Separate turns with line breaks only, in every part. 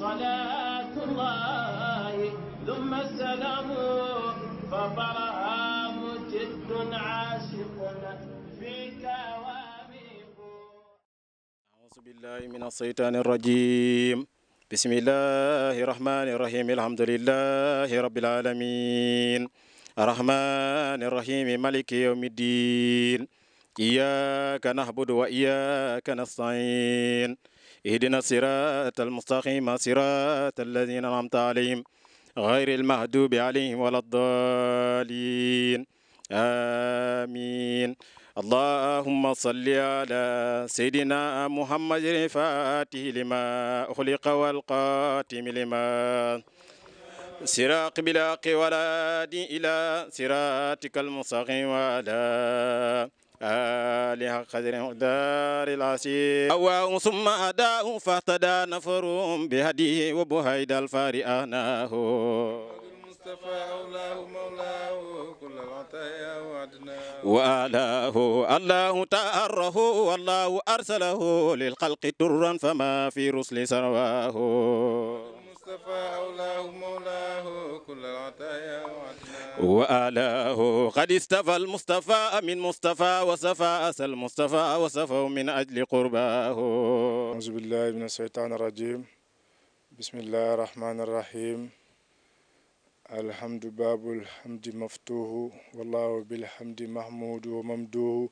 صلاة الله ثم السلام فطرها مجد عاشق فيك واميق
أعوذ بالله من الشيطان الرجيم بسم الله الرحمن الرحيم الحمد لله رب العالمين الرحمن الرحيم مالك يوم الدين إياك نعبد وإياك نستعين اهدنا الصراط المستقيم صراط الذين أنعمت عليهم غير المهدوب عليهم ولا الضالين آمين اللهم صل على سيدنا محمد الفاتح لما أخلق والقاتم لما سراق بلاق ولا دي إلى صراطك المستقيم وعلى آلهة قدر دار العسير أواء ثم أداء فاهتدى نفرهم بهديه وبهيد الفار أهناه المصطفى أولاه مولاه كل العطايا وعدناه وآلاه الله تأره والله أرسله للخلق ترا فما في رسل سرواه المصطفى أولاه وآله قد استفى المصطفى من مصطفى وصفى أسى المصطفى وصفوا من أجل قرباه أعوذ بالله من الشيطان
الرجيم بسم الله الرحمن الرحيم الحمد باب الحمد مفتوح والله بالحمد محمود وممدوه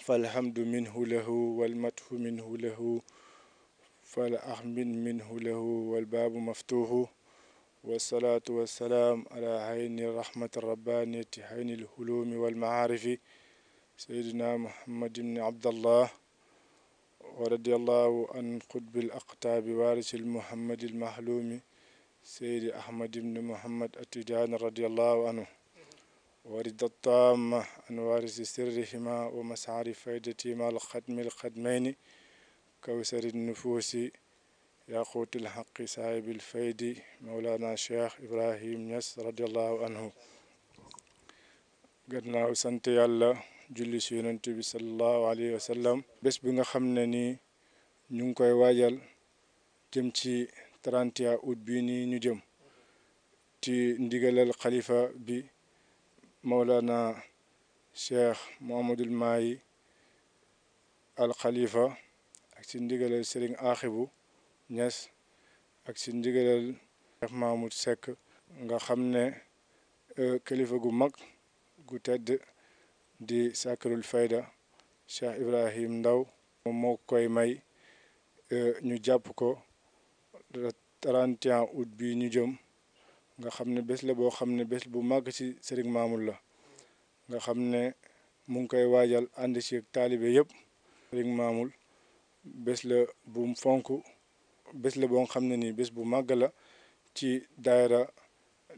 فالحمد منه له والمدح منه له فالأحمد منه له والباب مفتوح wasalaatu wasalaam ala hayni rahmati rabbaniyati hayni walmaarifi seydina muhammad ibni abdallah wa radiallahu an qutbi l aqtaabi waarisi lmuhammadi lmahlumi ahmad ibni muhammad attijaani radiallahu anhu warida taama an waarisi sirrihima wa masaari faydatima alxadmi alxadmayni kawsari nufuusi yaaquutil xaqi saahibil faydi mawlana cheikh ibrahim ñas radiallahu anhu gannaaw sant yàlla julli si yonent bi salallahu alayhi wa sallam bi nga xam ne nii ñu ngi koy waajal jëm ci 31 août bi nii ñu jëm ci ndigalal xalifa bi mawlana cheikh mohamadul maayi al xalifa ak ci ndigalal sëriñ aaxibu Niass ak si ndigalal Cheikh Mahmoud Seck nga xam ne euh, kilifa gu mag gu tedd di sacrul fayda Cheikh Ibrahim Ndaw moom moo koy may euh, ñu jàpp ko 31 août bi ñu jëm nga xam ne bés la boo xam ne bés bu màgg ci Serigne Mamoul la nga xam ne mu ngi koy waajal ànd ci taalibe yëpp Serigne Mamoul bés la bum fonk bés la boo xam ne nii bés bu màgg la ci daayira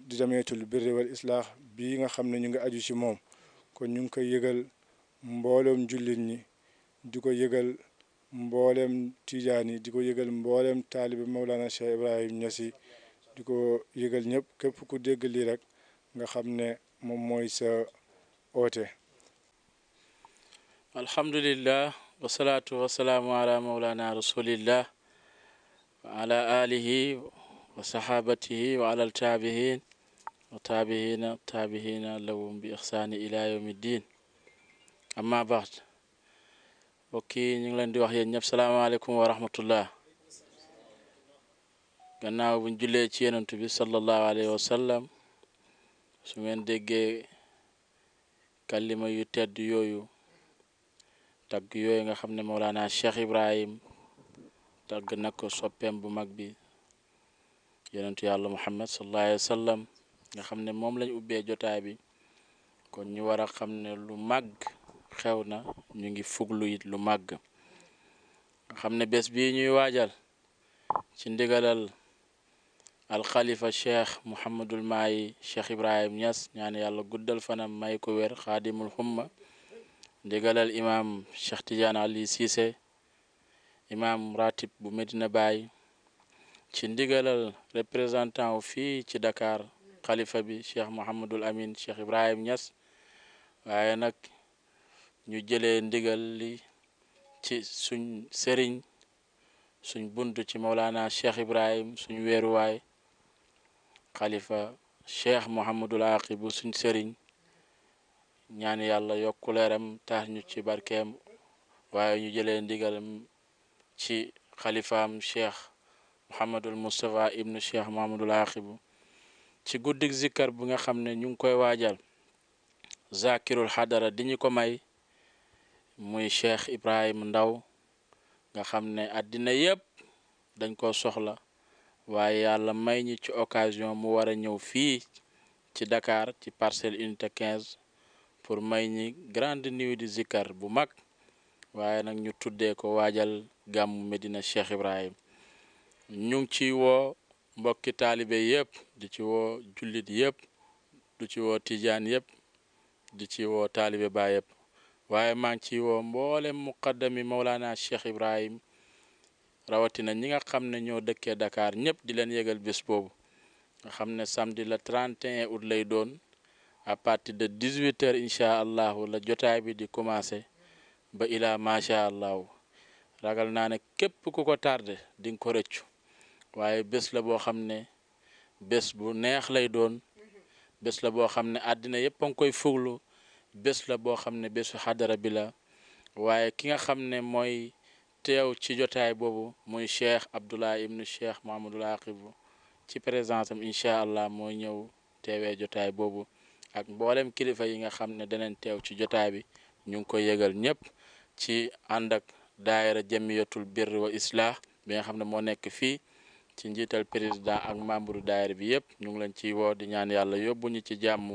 di jameetul birri wal islaax bii nga xam ne ñu ngi aju ci moom kon ñu ngi koy yëgal mboolem jullit ñi di ko yëgal mboolem tijaan yi di ko yëgal mboolem taalibi Mawlana Cheikh Ibrahim Niass di ko yëgal ñëpp képp ku dégg lii rek nga xam ne moom mooy sa oote.
alhamdulillah wasalaatu wasalaamu ala mawlana rasulillah wa ala alihi wa sahabatihi wa alal taabihin wa taabihina taabihina lawum bi ixsaani ila yawmi diin amma baad mbokk yi ñu ngi leen di wax yéen ñëpp salaamaaleykum wa gannaaw buñ jullee ci yonent bi sallallahu alayhi wa su ngeen déggee kalima yu tedd yooyu tagg yooyu nga xam ne Mawlana Cheikh Ibrahim tàgg na soppeem bu mag bi yonentu yàlla muhammad sallallahu alayhi wa xam ne moom lañ ubbee jotaay bi kon ñu war a xam ne lu màgg xew na ñu ngi fuglu lu màgg xam ne bés bi ñuy waajal ci ndigalal alxalifa cheikh muhammadul maayi cheikh ibrahim ñas ñaan yàlla guddal fana may ko wér xaadimul xumma ndigalal imaam cheikh tidiane ali siise imam ratib bu Medina Baye ci ndigalal représentant wu fii ci dakaar xalifa bi cheikh Mouhamadul Amin cheikh Ibrahim Niass waaye nag ñu jëlee ndigal li ci suñ sëriñ suñ bunt ci Mawlana cheikh Ibrahim suñ weeruwaay xalifa cheikh Mouhamadul Aqib suñ sëriñ ñaan yàlla yokku leeram ñu ci barkeem waaye ñu jëlee ndigalam ci xalifaam cheikh Mouhamadul Moustapha ibnu cheikh Mahamadul Aqibu ci guddik zikkar bu nga xam ne ñu ngi koy waajal zakirul xadara di ñu ko may muy cheikh Ibrahim Ndaw nga xam ne àddina yépp dañ ko soxla waaye yàlla may ñi ci occasion mu war a ñëw fii ci Dakar ci parcelle unité 15 pour may ñi grande nuit di zikkar bu mag waaye nag ñu tuddee ko waajal gàmmu Medina Cheikh Ibrahim ñu ci woo mbokki taalibe yëpp di ci woo jullit yëpp du ci woo tijaan yëpp di ci woo taalibe ba yëpp waaye maa ngi ciy woo mboole muqaddami Maulana Cheikh Ibrahim rawatina ñi nga xam ne ñoo dëkkee Dakar ñëpp di leen yëgal bés boobu nga xam ne samedi la 31 août lay doon à partir de 18 heures incha allahu la jotaay bi di commencé ba ilaa macha allahu ragal naa ne képp ku ko tardé di nga ko rëccu waaye bés la boo xam ne bés bu neex lay doon bés la boo xam ne àddina yëpp a ngi koy fuglu bés la boo xam ne bésu xadara bi la waaye ki nga xam ne mooy teew ci jotaay boobu muy cheikh Abdullah ibnu cheikh Mahamadul Aqib ci présence am incha allah mooy ñëw teewee jotaay boobu ak mboolem kilifa yi nga xam ne danañ teew ci jotaay bi ñu ngi koy yëgal ñëpp ci àndak daayira jamiyatul birri wa islah bi nga xam ne moo nekk fii ci njiital président ak membre daayira bi yëpp ñu ngi leen ciy woo di ñaan yàlla yóbbu ñu ci jàmm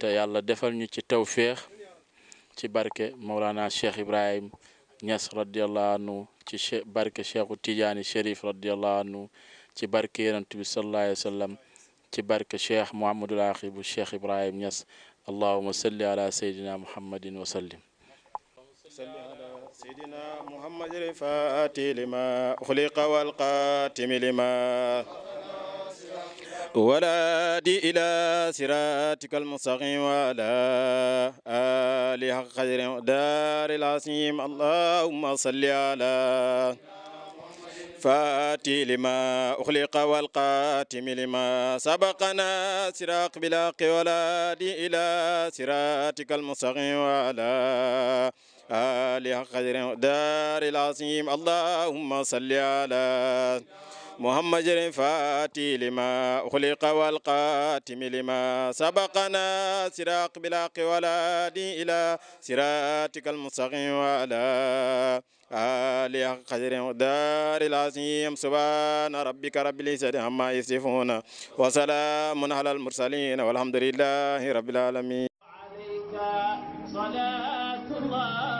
te yàlla defal ñu ci tawféex ci barke Mawlana Cheikh Ibrahim Niass radiallahu anhu ci barke Cheikhu Tidiane Chérif radiallahu ci barke yonent bi sallallahu alayhi wa sallam bu Cheikh Ibrahim Niass allahuma salli ala sayyidina muhammadin wa sallim
سيدنا محمد الفاتي لما أخلق والقاتم لما ولادي إلى صراطك المستقيم وعلى آله خير دار العظيم اللهم صل على فاتي لما أخلق والقاتم لما سبقنا سراق بلاق ولادي إلى صراطك المستقيم وعلى آله قدر دار العظيم اللهم صل على محمد الفاتي لما خلق والقاتم لما سبقنا سراق بلاق والادي إلى صراطك المستقيم وعلى آله قدر دار العظيم سبحان ربك رب العزة عما يصفون وسلام على المرسلين والحمد لله رب العالمين
عليك صلاة الله